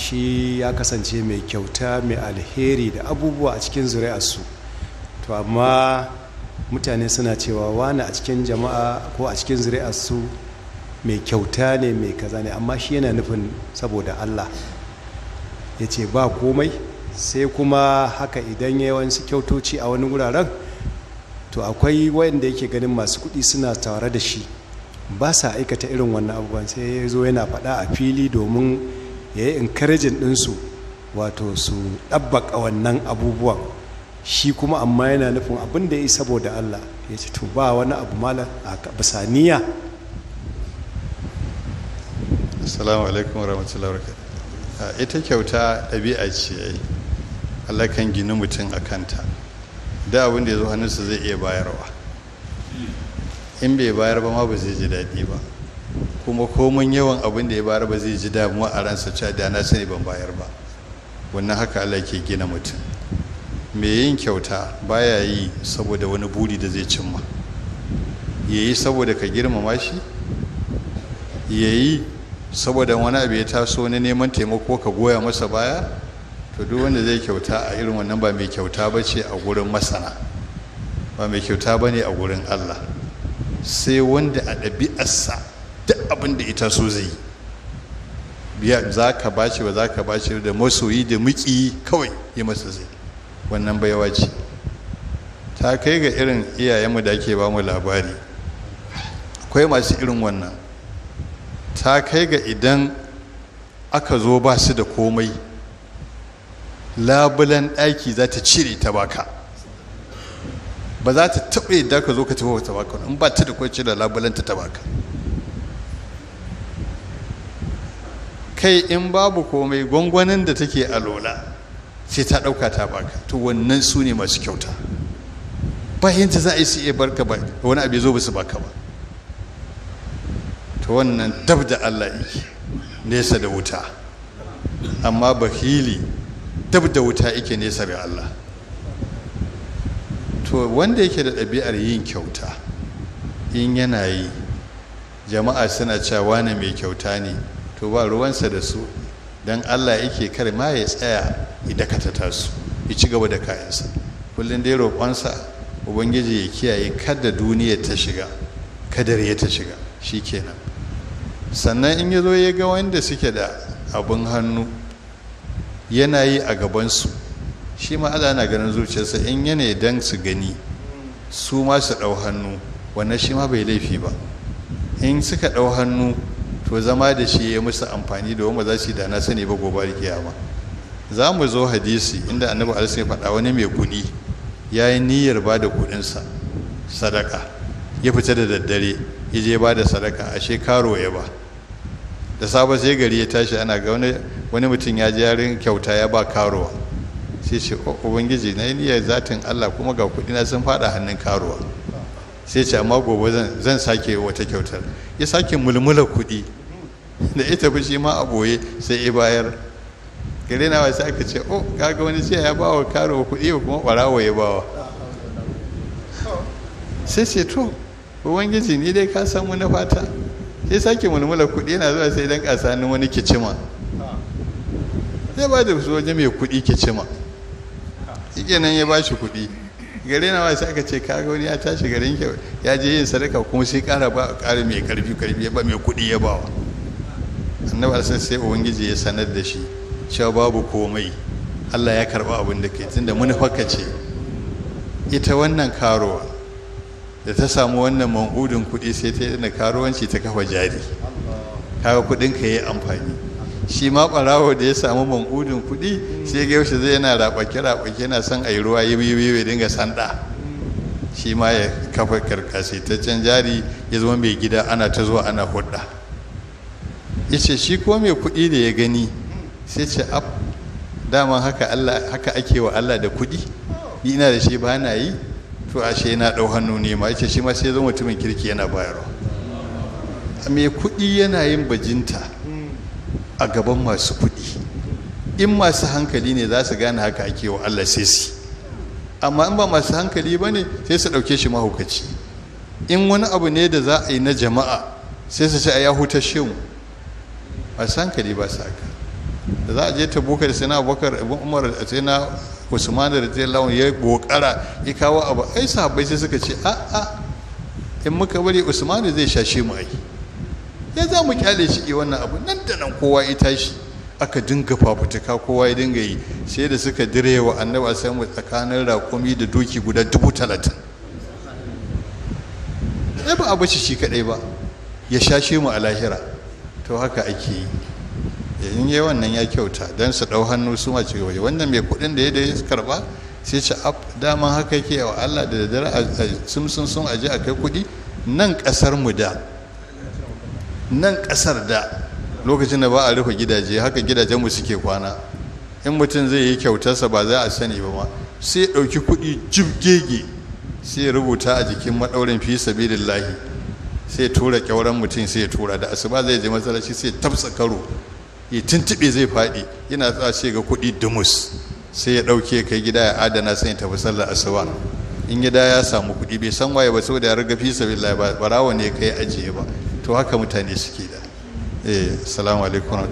shi ya kasance mai kyauta mai alheri da abubuwa a cikin zuri'arsu to amma mutane suna cewa wani a cikin jama'a ko a cikin zuri'arsu mai kyauta ne mai kaza ne amma shi yana nufin saboda allah ya ce ba komai sai kuma haka idan yawanci kyautoci a wani wuraren to akwai wayanda yake ganin masu kuɗi suna tare da shi ba sa aikata irin wannan abubuwan sai ya zo yana faɗa a fili domin ya yi encouraging ɗinsu wato su ɗabbaka wannan abubuwan shi kuma amma yana nufin abin da ya yi saboda Allah ya ce to ba wani abu malam a kabisaniya assalamu alaikum warahmatullahi wabarakatuh ah, ita kyauta ɗabi'a ce yayi Allah kan gini mutum a kanta da abin da ya zo hannunsa zai iya bayarwa in bai bayar ba ma ba zai ji daɗi ba kuma komin yawan abin da ya bayar ba zai ji damuwa a ransa cewa da na sani ban bayar ba wannan haka Allah ke gina mutum Me yin kyauta baya yi saboda wani buri da zai cimma yayi saboda ka girmama shi yayi saboda wani abu ya taso na neman taimako ka goya masa baya to duk wanda zai kyauta a irin wannan ba mai kyauta ba ce a gurin masana ba mai kyauta ba ne a gurin Allah sai wanda a ɗabi'arsa abin da ita so zai biya za ka ba shi, ba za ka ba shi da masoyi da muki kawai yi masa zai wannan baiwa ce ta kai ga irin iyayenmu da ake ba mu labari akwai masu irin wannan ta kai ga idan aka zo ba su da komai labulan ɗaki za ta cire ta baka ba za ta taɓa yadda ka zo ka taɓa ta baka in ba ta da kwanci da labulanta ta ta baka kai in babu komai gwangwanin da take alola sai ta ɗauka ta baka to wannan su ne masu kyauta bayan ta za a yi su iya barka ba wani abu zo ba su baka ba to wannan dab da Allah yake nesa da wuta amma bakili dab da wuta yake nesa da Allah to wanda yake da ɗabi'ar yin kyauta in yana yi jama'a suna cewa wane mai kyauta ne to ba ruwansa da su don allah yake kar ma ya tsaya ya dakatata su ya ci gaba da kayansa kullum dai roƙonsa ubangiji ya kiyaye kada duniya ta shiga kadar ya ta shiga shi kenan sannan in ya zo ya ga wanda suke da abin hannu yana yi a gabansu shi ma allah na ganin zuciyarsa in yana don su gani su ma su ɗau hannu wannan shi ma bai laifi ba in suka ɗau hannu to zama da shi ya musu amfani da wanda za su yi da na sani ba gobe kiyama za mu zo hadisi inda annabi alaihi faɗa wani mai kuɗi ya yi niyyar ba da kuɗinsa sadaka ya fita da daddare ya je ba da sadaka ashe karo ya ba da sabon sai gari ya tashi ana ga wani mutum ya ji yarin kyauta ya ba karuwa sai ce oh, ubangiji na yi niyyar zatin allah kuma ga kuɗina sun faɗa hannun karuwa sai ce amma gobe zan sake wata kyautar ya sake mulmula kuɗi da ita fi shi ma a boye sai ya bayar gare na wasu aka ce oh kaga wani ce ya bawa karo kuɗi kuma ɓarawa ya bawa sai ce to ubangiji ni dai ka samu na fata sai sake mulmula kuɗi yana zuwa sai dan kasanin wani kicima sai ba da su waje mai kuɗi kicima shi nan ya ba shi kuɗi gare na wasu aka ce kaga wani ya tashi garin ya je yin sadaka kuma sai ƙara ba ƙara mai ƙarfi ƙarfi ya ba mai kuɗi ya bawa annabi alaihi sai ubangiji ya sanar da shi cewa babu komai Allah ya karba abin da kai tunda manufarka ce ita wannan karuwa da ta samu wannan mangudin kuɗi sai ta yi karuwanci ta kafa jari kaga kuɗin ka yi amfani shi ma ɓarawo da ya samu mangudin kuɗi sai ga yaushe zai yana raɓake raɓake yana son a yi ruwa yi biyu biyu dinga sanda shi ma ya kafa karkashi ta can jari ya zama mai gida ana ta zuwa ana hudda ya ce shi ko mai kuɗi da ya gani sai ce ab dama haka Allah haka ake wa Allah da kuɗi ni ina da shi ba na yi to ashe yana ɗau hannu ne ma ce shi ma sai zo mutumin kirki yana bayarwa mai kuɗi yana yin bajinta a gaban masu kuɗi in masu hankali ne za su gane haka ake wa Allah sai su amma in ba masu hankali ba ne sai su ɗauke shi mahaukaci in wani abu ne da za a yi na jama'a sai su ce a ya hutashe mu san hankali ba sa ka da za a je ta bukar sai na abubakar abin umar sai na usman da ta lawan ya kokara ya kawo abu ai sahabbai sai suka ce a a in muka bari usman zai shashe mu ai ya za mu kyale shi yi wannan abu nan da nan kowa ya tashi aka dinga fafutuka kowa ya dinga yi sai da suka direwa annaba a mu tsakanin rakumi da doki guda dubu talatin ai ba abu shi kadai ba ya shashe mu a lahira to haka ake yi eh, in yi wannan ya kyauta don su ɗau hannu su ma cigaba wannan mai kuɗin da ya da ya karɓa sai ce ab dama haka yake wa Allah da dare sun sun sun aje a kai kuɗi nan ƙasar mu da nan ƙasar da lokacin da ba a rufe gidaje haka gidajen mu suke kwana in mutum zai yi kyautarsa ba za a sani ba ma sai ɗauki kuɗi jibgege sai rubuta a jikin maɗaurin fi sabilillahi sai tura kyauran mutum sai tura da asuba zai je masallaci sai tafsa karo ya tuntube zai faɗi yana tsawa sai ga kuɗi dumus sai ya ɗauke kai gida ya adana sai ya tafi sallar asuba in gida ya samu kuɗi bai san waye ba saboda ya riga fi sabilillah ba rawa ne kai ajiye ba to haka mutane suke da eh assalamu alaikum